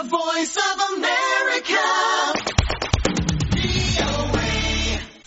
The Voice of America.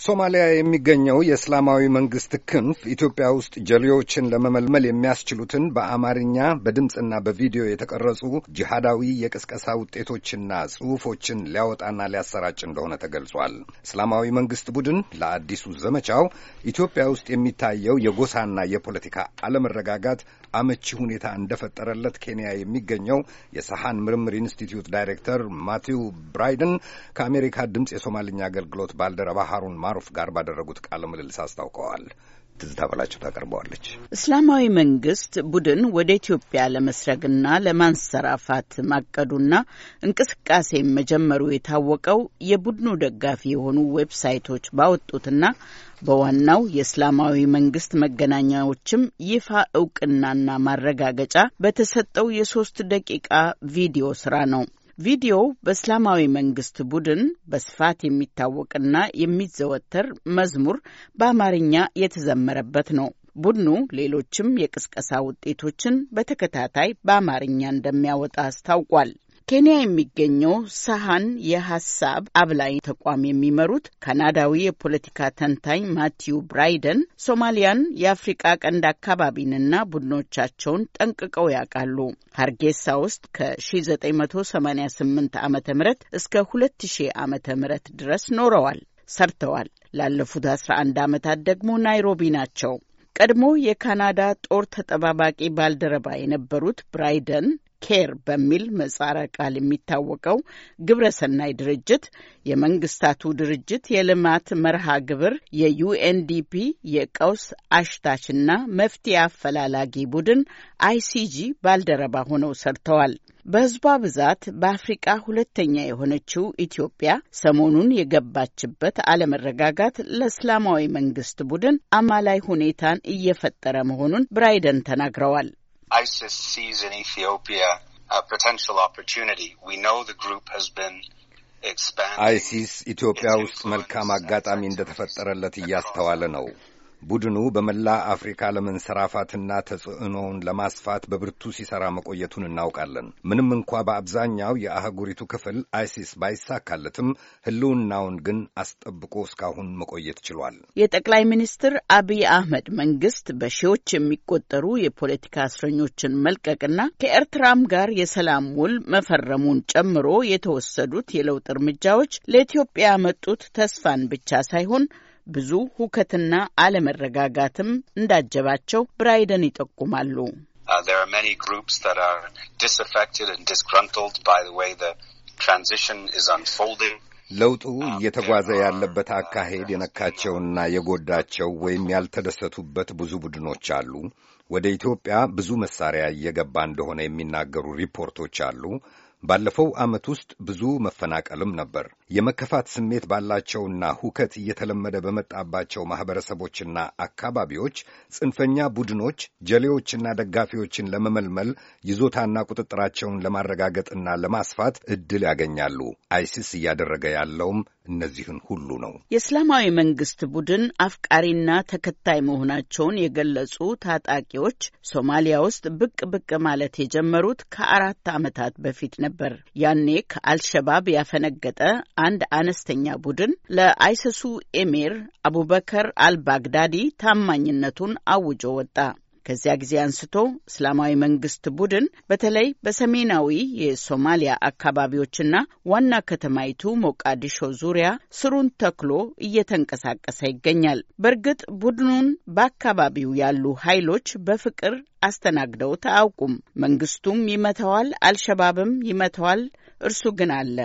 ሶማሊያ የሚገኘው የእስላማዊ መንግስት ክንፍ ኢትዮጵያ ውስጥ ጀሌዎችን ለመመልመል የሚያስችሉትን በአማርኛ በድምፅና በቪዲዮ የተቀረጹ ጂሃዳዊ የቅስቀሳ ውጤቶችና ጽሑፎችን ሊያወጣና ሊያሰራጭ እንደሆነ ተገልጿል። እስላማዊ መንግስት ቡድን ለአዲሱ ዘመቻው ኢትዮጵያ ውስጥ የሚታየው የጎሳና የፖለቲካ አለመረጋጋት አመቺ ሁኔታ እንደፈጠረለት ኬንያ የሚገኘው የሰሃን ምርምር ኢንስቲትዩት ዳይሬክተር ማቲው ብራይደን ከአሜሪካ ድምፅ የሶማልኛ አገልግሎት ባልደረባ ሀሩን ማሩፍ ጋር ባደረጉት ቃለ ምልልስ አስታውቀዋል። ትዝታ በላቸው ታቀርበዋለች። እስላማዊ መንግስት ቡድን ወደ ኢትዮጵያ ለመስረግና ለማንሰራፋት ማቀዱና እንቅስቃሴ መጀመሩ የታወቀው የቡድኑ ደጋፊ የሆኑ ዌብሳይቶች ባወጡትና በዋናው የእስላማዊ መንግስት መገናኛዎችም ይፋ እውቅናና ማረጋገጫ በተሰጠው የሶስት ደቂቃ ቪዲዮ ስራ ነው። ቪዲዮው በእስላማዊ መንግስት ቡድን በስፋት የሚታወቅና የሚዘወተር መዝሙር በአማርኛ የተዘመረበት ነው። ቡድኑ ሌሎችም የቅስቀሳ ውጤቶችን በተከታታይ በአማርኛ እንደሚያወጣ አስታውቋል። ኬንያ የሚገኘው ሰሃን የሀሳብ አብላይ ተቋም የሚመሩት ካናዳዊ የፖለቲካ ተንታኝ ማቲዩ ብራይደን ሶማሊያን፣ የአፍሪቃ ቀንድ አካባቢንና ቡድኖቻቸውን ጠንቅቀው ያውቃሉ። ሀርጌሳ ውስጥ ከ1988 ዓ ም እስከ 2000 ዓ ም ድረስ ኖረዋል፣ ሰርተዋል። ላለፉት 11 ዓመታት ደግሞ ናይሮቢ ናቸው። ቀድሞ የካናዳ ጦር ተጠባባቂ ባልደረባ የነበሩት ብራይደን ኬር በሚል ምህጻረ ቃል የሚታወቀው ግብረሰናይ ድርጅት የመንግስታቱ ድርጅት የልማት መርሃ ግብር የዩኤንዲፒ የቀውስ አሽታችና መፍትሄ አፈላላጊ ቡድን አይሲጂ ባልደረባ ሆነው ሰርተዋል። በህዝቧ ብዛት በአፍሪቃ ሁለተኛ የሆነችው ኢትዮጵያ ሰሞኑን የገባችበት አለመረጋጋት ለእስላማዊ መንግስት ቡድን አማላይ ሁኔታን እየፈጠረ መሆኑን ብራይደን ተናግረዋል። ISIS sees in Ethiopia a potential opportunity. We know the group has been expanding. ውስጥ መልካም አጋጣሚ እንደተፈጠረለት እያስተዋለ ነው። ቡድኑ በመላ አፍሪካ ለመንሰራፋትና ተጽዕኖውን ለማስፋት በብርቱ ሲሰራ መቆየቱን እናውቃለን። ምንም እንኳ በአብዛኛው የአህጉሪቱ ክፍል አይሲስ ባይሳካለትም ሕልውናውን ግን አስጠብቆ እስካሁን መቆየት ችሏል። የጠቅላይ ሚኒስትር አብይ አህመድ መንግስት በሺዎች የሚቆጠሩ የፖለቲካ እስረኞችን መልቀቅና ከኤርትራም ጋር የሰላም ውል መፈረሙን ጨምሮ የተወሰዱት የለውጥ እርምጃዎች ለኢትዮጵያ ያመጡት ተስፋን ብቻ ሳይሆን ብዙ ሁከትና አለመረጋጋትም እንዳጀባቸው ብራይደን ይጠቁማሉ። uh, ለውጡ um, እየተጓዘ ያለበት uh, አካሄድ የነካቸውና የጎዳቸው ወይም ያልተደሰቱበት ብዙ ቡድኖች አሉ። ወደ ኢትዮጵያ ብዙ መሳሪያ እየገባ እንደሆነ የሚናገሩ ሪፖርቶች አሉ። ባለፈው ዓመት ውስጥ ብዙ መፈናቀልም ነበር። የመከፋት ስሜት ባላቸውና ሁከት እየተለመደ በመጣባቸው ማኅበረሰቦችና አካባቢዎች ጽንፈኛ ቡድኖች ጀሌዎችና ደጋፊዎችን ለመመልመል ይዞታና ቁጥጥራቸውን ለማረጋገጥና ለማስፋት እድል ያገኛሉ። አይሲስ እያደረገ ያለውም እነዚህን ሁሉ ነው። የእስላማዊ መንግስት ቡድን አፍቃሪና ተከታይ መሆናቸውን የገለጹ ታጣቂዎች ሶማሊያ ውስጥ ብቅ ብቅ ማለት የጀመሩት ከአራት ዓመታት በፊት ነበር። ያኔ ከአልሸባብ ያፈነገጠ አንድ አነስተኛ ቡድን ለአይሰሱ ኤሚር አቡበከር አልባግዳዲ ታማኝነቱን አውጆ ወጣ። ከዚያ ጊዜ አንስቶ እስላማዊ መንግስት ቡድን በተለይ በሰሜናዊ የሶማሊያ አካባቢዎችና ዋና ከተማይቱ ሞቃዲሾ ዙሪያ ስሩን ተክሎ እየተንቀሳቀሰ ይገኛል። በእርግጥ ቡድኑን በአካባቢው ያሉ ኃይሎች በፍቅር አስተናግደውት አያውቁም። መንግስቱም ይመተዋል፣ አልሸባብም ይመተዋል። እርሱ ግን አለ።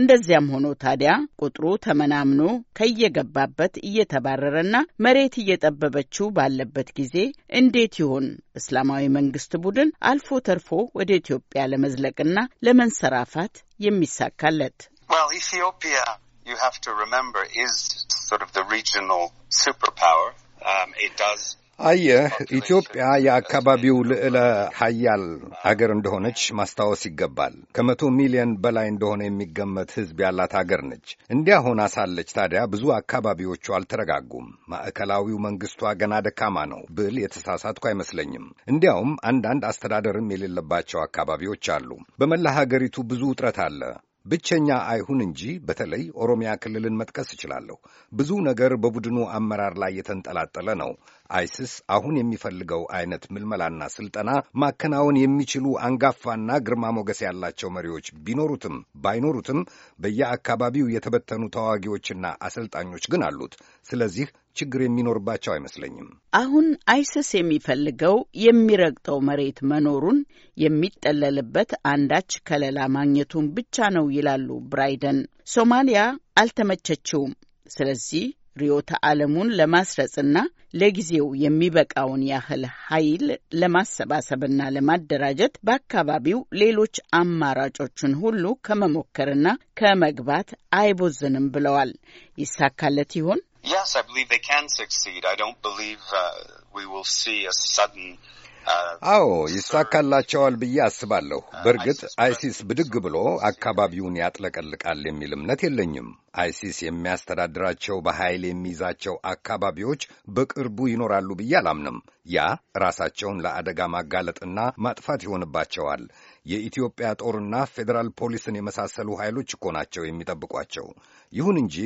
እንደዚያም ሆኖ ታዲያ ቁጥሩ ተመናምኖ ከየገባበት እየተባረረና መሬት እየጠበበችው ባለበት ጊዜ እንዴት ይሆን እስላማዊ መንግስት ቡድን አልፎ ተርፎ ወደ ኢትዮጵያ ለመዝለቅና ለመንሰራፋት የሚሳካለት? ኢትዮጵያ አየህ ኢትዮጵያ የአካባቢው ልዕለ ሀያል ሀገር እንደሆነች ማስታወስ ይገባል። ከመቶ ሚሊዮን በላይ እንደሆነ የሚገመት ሕዝብ ያላት ሀገር ነች። እንዲያ ሆና ሳለች ታዲያ ብዙ አካባቢዎቹ አልተረጋጉም። ማዕከላዊው መንግስቷ ገና ደካማ ነው ብል የተሳሳትኩ አይመስለኝም። እንዲያውም አንዳንድ አስተዳደርም የሌለባቸው አካባቢዎች አሉ። በመላ ሀገሪቱ ብዙ ውጥረት አለ። ብቸኛ አይሁን እንጂ በተለይ ኦሮሚያ ክልልን መጥቀስ እችላለሁ። ብዙ ነገር በቡድኑ አመራር ላይ የተንጠላጠለ ነው። አይስስ አሁን የሚፈልገው አይነት ምልመላና ስልጠና ማከናወን የሚችሉ አንጋፋና ግርማ ሞገስ ያላቸው መሪዎች ቢኖሩትም ባይኖሩትም በየአካባቢው የተበተኑ ተዋጊዎችና አሰልጣኞች ግን አሉት። ስለዚህ ችግር የሚኖርባቸው አይመስለኝም። አሁን አይስስ የሚፈልገው የሚረግጠው መሬት መኖሩን የሚጠለልበት አንዳች ከለላ ማግኘቱን ብቻ ነው ይላሉ ብራይደን። ሶማሊያ አልተመቸችውም። ስለዚህ ርዕዮተ ዓለሙን ለማስረጽና ለጊዜው የሚበቃውን ያህል ኃይል ለማሰባሰብና ለማደራጀት በአካባቢው ሌሎች አማራጮችን ሁሉ ከመሞከርና ከመግባት አይቦዝንም ብለዋል። ይሳካለት ይሆን? Yes, I believe they can succeed. I don't believe uh, we will see a sudden uh, አዎ ይሳካላቸዋል ብዬ አስባለሁ። uh, በእርግጥ አይሲስ ብድግ ብሎ አካባቢውን ያጥለቀልቃል የሚል እምነት የለኝም። አይሲስ የሚያስተዳድራቸው በኃይል የሚይዛቸው አካባቢዎች በቅርቡ ይኖራሉ ብዬ አላምንም። ያ ራሳቸውን ለአደጋ ማጋለጥና ማጥፋት ይሆንባቸዋል። የኢትዮጵያ ጦርና ፌዴራል ፖሊስን የመሳሰሉ ኃይሎች እኮ ናቸው የሚጠብቋቸው። ይሁን እንጂ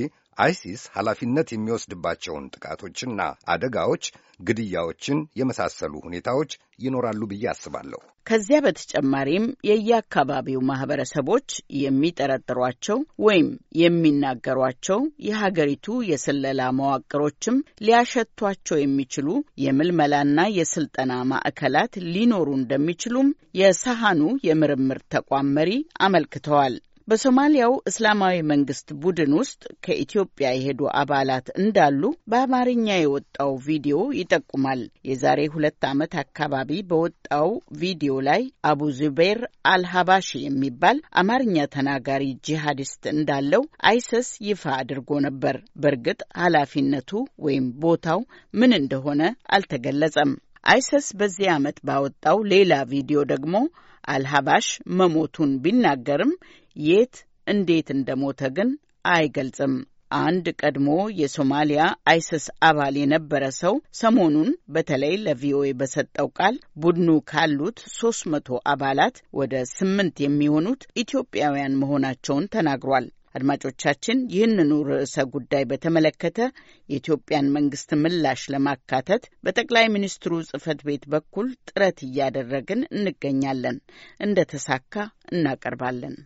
አይሲስ ኃላፊነት የሚወስድባቸውን ጥቃቶችና አደጋዎች፣ ግድያዎችን የመሳሰሉ ሁኔታዎች ይኖራሉ ብዬ አስባለሁ። ከዚያ በተጨማሪም የየአካባቢው ማህበረሰቦች የሚጠረጥሯቸው ወይም የሚናገሯቸው የሀገሪቱ የስለላ መዋቅሮችም ሊያሸቷቸው የሚችሉ የምልመላና የስልጠና ማዕከላት ሊኖሩ እንደሚችሉም የሰሃኑ የምርምር ተቋም መሪ አመልክተዋል። በሶማሊያው እስላማዊ መንግስት ቡድን ውስጥ ከኢትዮጵያ የሄዱ አባላት እንዳሉ በአማርኛ የወጣው ቪዲዮ ይጠቁማል። የዛሬ ሁለት ዓመት አካባቢ በወጣው ቪዲዮ ላይ አቡ ዙቤር አልሀባሺ የሚባል አማርኛ ተናጋሪ ጂሃዲስት እንዳለው አይሰስ ይፋ አድርጎ ነበር። በእርግጥ ኃላፊነቱ ወይም ቦታው ምን እንደሆነ አልተገለጸም። አይሰስ በዚህ ዓመት ባወጣው ሌላ ቪዲዮ ደግሞ አልሀባሽ መሞቱን ቢናገርም የት እንዴት እንደሞተ ግን አይገልጽም። አንድ ቀድሞ የሶማሊያ አይስስ አባል የነበረ ሰው ሰሞኑን በተለይ ለቪኦኤ በሰጠው ቃል ቡድኑ ካሉት ሶስት መቶ አባላት ወደ ስምንት የሚሆኑት ኢትዮጵያውያን መሆናቸውን ተናግሯል። አድማጮቻችን ይህንኑ ርዕሰ ጉዳይ በተመለከተ የኢትዮጵያን መንግስት ምላሽ ለማካተት በጠቅላይ ሚኒስትሩ ጽህፈት ቤት በኩል ጥረት እያደረግን እንገኛለን። እንደተሳካ እናቀርባለን።